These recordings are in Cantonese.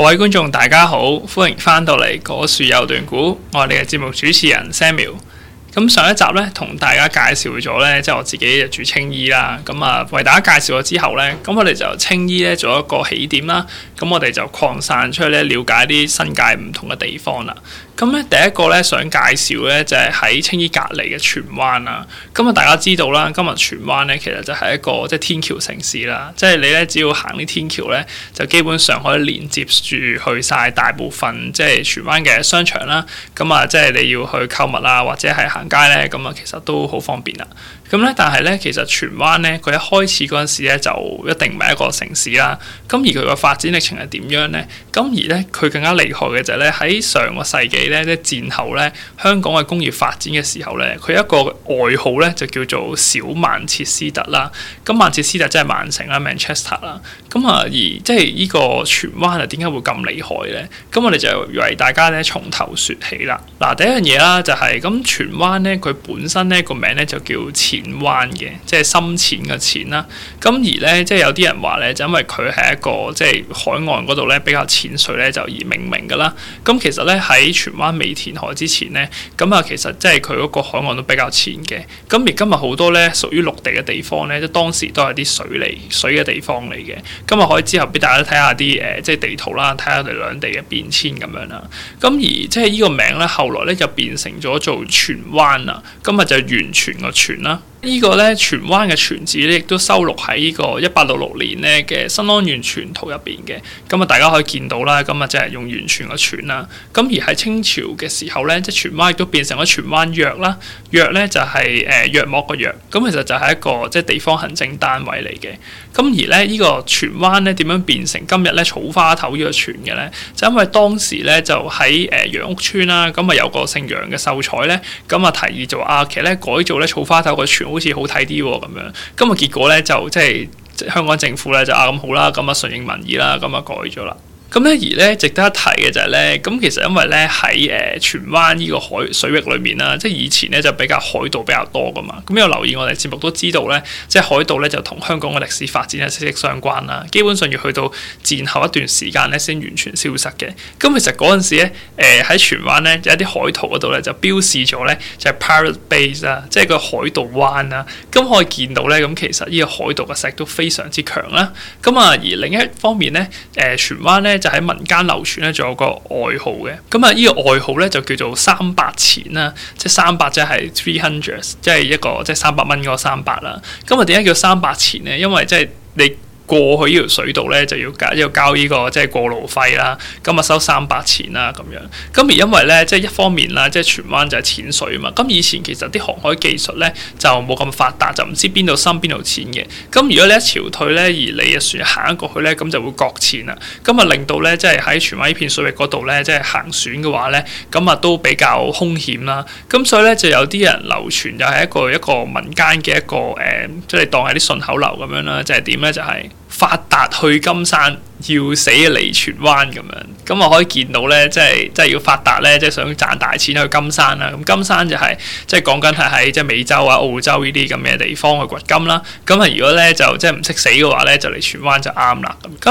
各位觀眾，大家好，歡迎翻到嚟《果樹有段古》，我係你嘅節目主持人 Samuel。咁上一集咧，同大家介紹咗咧，即係我自己就住青衣啦。咁啊，為大家介紹咗之後咧，咁我哋就青衣咧做一個起點啦。咁我哋就擴散出去咧，了解啲新界唔同嘅地方啦。咁咧，第一個咧想介紹咧，就係喺青衣隔籬嘅荃灣啦。咁啊，大家知道啦，今日荃灣咧其實就係一個即係天橋城市啦。即係你咧，只要行啲天橋咧，就基本上可以連接住去晒大部分即係荃灣嘅商場啦。咁啊，即係你要去購物啊，或者係行街咧，咁啊，其實都好方便啦。咁咧，但係咧，其實荃灣咧，佢一開始嗰陣時咧，就一定唔係一個城市啦。咁而佢個發展歷程係點樣咧？咁而咧，佢更加厲害嘅就係咧，喺上個世紀咧，即戰後咧，香港嘅工業發展嘅時候咧，佢一個外號咧就叫做小曼徹斯，斯，斯特啦。咁曼徹斯特即係曼城啦，Manchester 啦。咁啊，而即係呢個荃灣啊，點解會咁厲害咧？咁我哋就為大家咧從頭說起啦。嗱，第一樣嘢啦，就係咁荃灣咧，佢本身咧個名咧就叫淺灣嘅，即係深淺嘅淺啦。咁而咧，即係有啲人話咧，就因為佢係一個即係海岸嗰度咧比較淺水咧，就而命名噶啦。咁其實咧喺荃灣未填海之前咧，咁啊其實即係佢嗰個海岸都比較淺嘅。咁而今日好多咧屬於陸地嘅地方咧，即當時都係啲水嚟水嘅地方嚟嘅。今日可以之後俾大家睇下啲誒、呃，即係地圖啦，睇下我哋兩地嘅變遷咁樣啦。咁而即係呢個名咧，後來咧就變成咗做荃灣啦。今日就完全嘅泉啦。這個呢個咧荃灣嘅荃字咧，亦都收錄喺呢個一八六六年咧嘅《新安縣全圖裡面的》入邊嘅。咁啊，大家可以見到啦。咁啊，即係用完全個全啦。咁而喺清朝嘅時候咧，即係荃灣亦都變成咗荃灣約啦。約咧就係誒約莫個約。咁其實就係一個即係、就是、地方行政單位嚟嘅。咁而咧依、這個荃灣咧點樣變成今日咧草花頭個荃嘅咧？就是、因為當時咧就喺誒楊屋村啦。咁啊有個姓楊嘅秀才咧，咁啊提議就話啊其實咧改造咧草花頭個荃。好似好睇啲喎咁樣。今日結果咧就即係、即、香港政府咧就啊，咁好啦，咁啊順應民意啦，咁啊改咗啦。咁咧而咧值得一提嘅就係、是、咧，咁其實因為咧喺誒荃灣呢個海水域裏面啦，即係以前咧就比較海盜比較多噶嘛。咁有留意我哋節目都知道咧，即係海盜咧就同香港嘅歷史發展係息息相關啦。基本上要去到戰後一段時間咧先完全消失嘅。咁其實嗰陣時咧，誒、呃、喺荃灣咧有一啲海圖嗰度咧就標示咗咧，就係、是、pirate base 啊，即係個海盜灣啊。咁可以見到咧，咁其實呢個海盜嘅實力都非常之強啦。咁啊而另一方面咧，誒、呃、荃灣咧。就喺民間流傳咧，仲有個外號嘅，咁啊呢個外號咧就叫做三百錢啦，即係三百即係 three hundreds，即係一個即係三百蚊嗰個三百啦。咁啊點解叫三百錢咧？因為即係你。過去呢條水道咧就要交呢、呢個交即係過路費啦，咁咪收三百錢啦咁樣。咁而因為咧即係一方面啦，即係荃灣就係淺水啊嘛。咁以前其實啲航海技術咧就冇咁發達，就唔知邊度深邊度淺嘅。咁如果你一潮退咧而你嘅船行過去咧，咁就會擱淺啦，咁啊令到咧即係喺荃灣呢片水域嗰度咧，即係行船嘅話咧，咁啊都比較風險啦。咁所以咧就有啲人流傳又係一個一個民間嘅一個、呃、即係當係啲順口溜咁樣啦。即係點咧就係、是。發達去金山。要死嚟荃灣咁樣，咁我可以見到咧，即係即係要發達咧，即係想賺大錢去金山啦。咁金山就係即係講緊係喺即係美洲啊、澳洲呢啲咁嘅地方去掘金啦。咁啊，如果咧就即係唔識死嘅話咧，就嚟荃灣就啱啦。咁，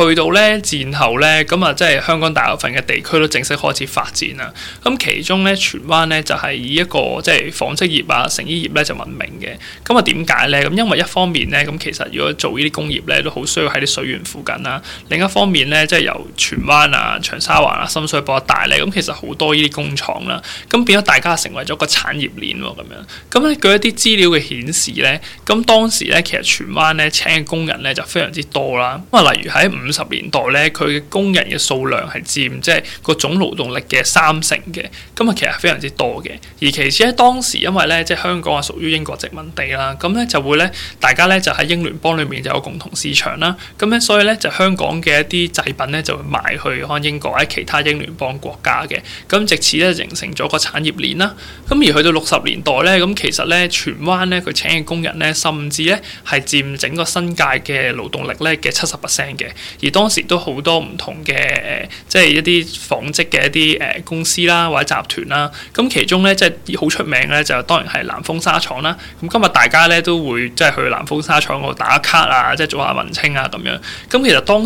而去到咧戰後咧，咁啊即係香港大部分嘅地區都正式開始發展啦。咁其中咧荃灣咧就係以一個即係紡織業啊、成衣業咧就聞名嘅。咁啊點解咧？咁因為一方面咧，咁其實如果做呢啲工業咧，都好需要喺啲水源附近啦。另一方面咧，即係由荃灣啊、長沙灣啊、深水埗、啊、大咧，咁其實好多呢啲工廠啦，咁變咗大家成為咗個產業鏈喎、啊，咁樣。咁咧據一啲資料嘅顯示咧，咁當時咧其實荃灣咧請嘅工人咧就非常之多啦。咁啊，例如喺五十年代咧，佢嘅工人嘅數量係佔即係、就是、個總勞動力嘅三成嘅，咁啊其實非常之多嘅。而其次咧，當時因為咧即係香港啊屬於英國殖民地啦，咁咧就會咧大家咧就喺英聯邦裏面就有共同市場啦，咁咧所以咧就香。香港嘅一啲製品咧，就會賣去可能英國或者其他英聯邦國家嘅。咁直至咧形成咗個產業鏈啦。咁而去到六十年代咧，咁其實咧，荃灣咧佢請嘅工人咧，甚至咧係佔整個新界嘅勞動力咧嘅七十 percent 嘅。而當時都好多唔同嘅誒，即係一啲紡織嘅一啲誒公司啦，或者集團啦。咁其中咧，即係好出名咧，就當然係南豐紗廠啦。咁今日大家咧都會即係去南豐紗廠度打卡啊，即係做下文青啊咁樣。咁其實當。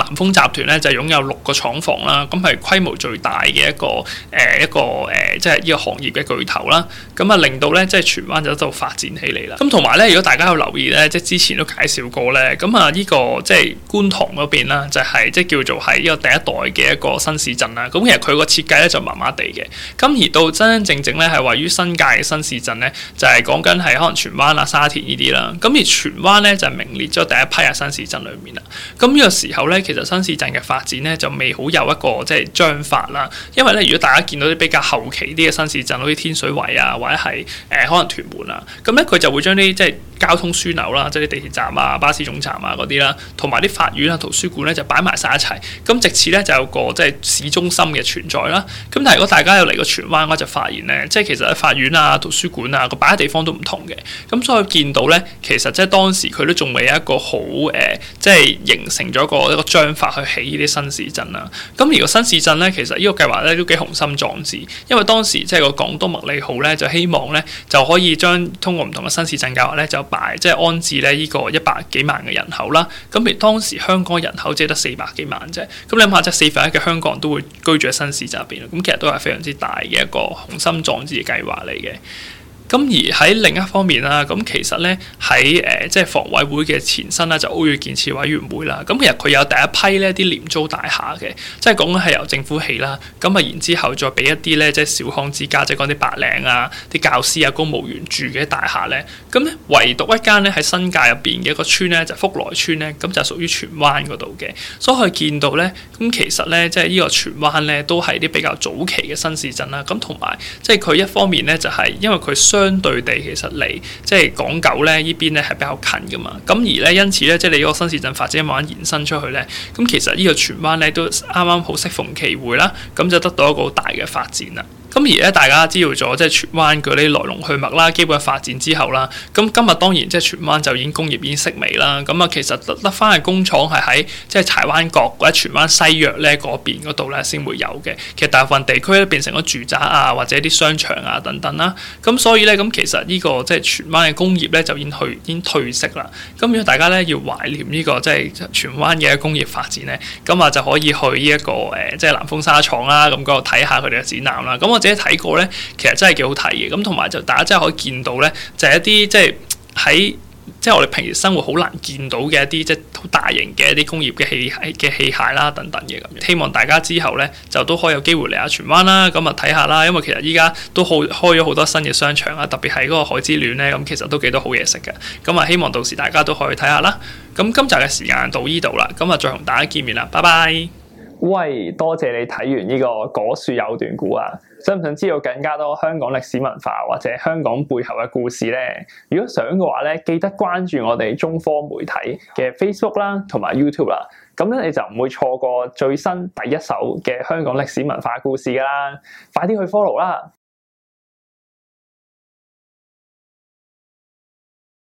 南豐集團咧就擁有六個廠房啦，咁係規模最大嘅一個誒一個誒，即係呢個行業嘅巨頭啦。咁啊令到咧即係荃灣就喺度發展起嚟啦。咁同埋咧，如果大家有留意咧，即係之前都介紹過咧，咁啊呢個即係觀塘嗰邊啦，就係即係叫做係呢個第一代嘅一個新市鎮啦。咁其實佢個設計咧就麻麻地嘅。咁而到真真正正咧係位於新界嘅新市鎮咧，就係講緊係可能荃灣啊、沙田呢啲啦。咁而荃灣咧就名列咗第一批嘅新市鎮裏面啦。咁呢個時候咧。其實新市鎮嘅發展咧就未好有一個即係章法啦，因為咧如果大家見到啲比較後期啲嘅新市鎮，好似天水圍啊，或者係誒、呃、可能屯門啦、啊，咁咧佢就會將啲即係。交通樞紐啦，即係啲地鐵站啊、巴士總站啊嗰啲啦，同埋啲法院啊、圖書館咧就擺埋晒一齊。咁直至咧就有個即係市中心嘅存在啦、啊。咁但係如果大家有嚟過荃灣我就發現咧，即係其實喺法院啊、圖書館啊個擺嘅地方都唔同嘅。咁所以見到咧，其實即係當時佢都仲未有一個好、呃、即係形成咗一個一個章法去起、啊、呢啲新市鎮啦。咁而個新市鎮咧，其實呢個計劃咧都幾雄心壯志，因為當時即係個港督麥理浩咧就希望咧就可以將通過唔同嘅新市鎮計劃咧就埋即係安置咧，呢個一百幾萬嘅人口啦。咁而當時香港人口只係得四百幾萬啫。咁你諗下，即係四分一嘅香港人都會居住喺新市集入邊啦。咁其實都係非常之大嘅一個雄心壯志嘅計劃嚟嘅。咁而喺另一方面啦，咁其實咧喺誒即係房委會嘅前身啦，就屋宇建設委員會啦。咁其實佢有第一批咧啲廉租大廈嘅，即係講緊係由政府起啦。咁啊然之後再俾一啲咧即係小康之家，即係講啲白領啊、啲教師啊、公務員住嘅大廈咧。咁咧唯獨一間咧喺新界入邊嘅一個村咧，就是、福來村咧，咁就屬於荃灣嗰度嘅。所以見到咧，咁其實咧即係呢個荃灣咧都係啲比較早期嘅新市鎮啦。咁同埋即係佢一方面咧就係、是、因為佢商相對地，其實你即係、就是、港九咧呢邊咧係比較近㗎嘛，咁而咧因此咧即係你依個新市鎮發展慢慢延伸出去咧，咁其實個呢個荃灣咧都啱啱好適逢其會啦，咁就得到一個好大嘅發展啦。咁而咧，大家知道咗即係荃灣嗰啲來龍去脈啦，基本發展之後啦，咁今日當然即係荃灣就已經工業已經式微啦。咁啊，其實得返嘅工廠係喺即係柴灣角或者荃灣西約咧嗰邊嗰度咧先會有嘅。其實大部分地區咧變成咗住宅啊，或者啲商場啊等等啦。咁所以咧，咁其實呢個即係荃灣嘅工業咧就已經去已經退色啦。咁如果大家咧要懷念呢個即係荃灣嘅工業發展咧，咁啊就可以去呢一個、呃、即係南豐紗廠啦，咁嗰度睇下佢哋嘅展覽啦。咁我。或者睇過呢，其實真係幾好睇嘅。咁同埋就大家真係可以見到呢，就係一啲即係喺即係我哋平時生活好難見到嘅一啲即係好大型嘅一啲工業嘅器械嘅器械啦等等嘅咁。希望大家之後呢，就都可以有機會嚟下荃灣啦，咁啊睇下啦。因為其實依家都好開咗好多新嘅商場啦，特別係嗰個海之戀呢，咁其實都幾多好嘢食嘅。咁啊，希望到時大家都可以睇下啦。咁今集嘅時間到呢度啦，咁啊再同大家見面啦，拜拜。喂，多謝你睇完呢，這個果樹有段古啊！想唔想知道更加多香港歷史文化或者香港背後嘅故事呢？如果想嘅話咧，記得關注我哋中科媒體嘅 Facebook 啦，同埋 YouTube 啦。咁咧你就唔會錯過最新第一手嘅香港歷史文化故事㗎啦！快啲去 follow 啦！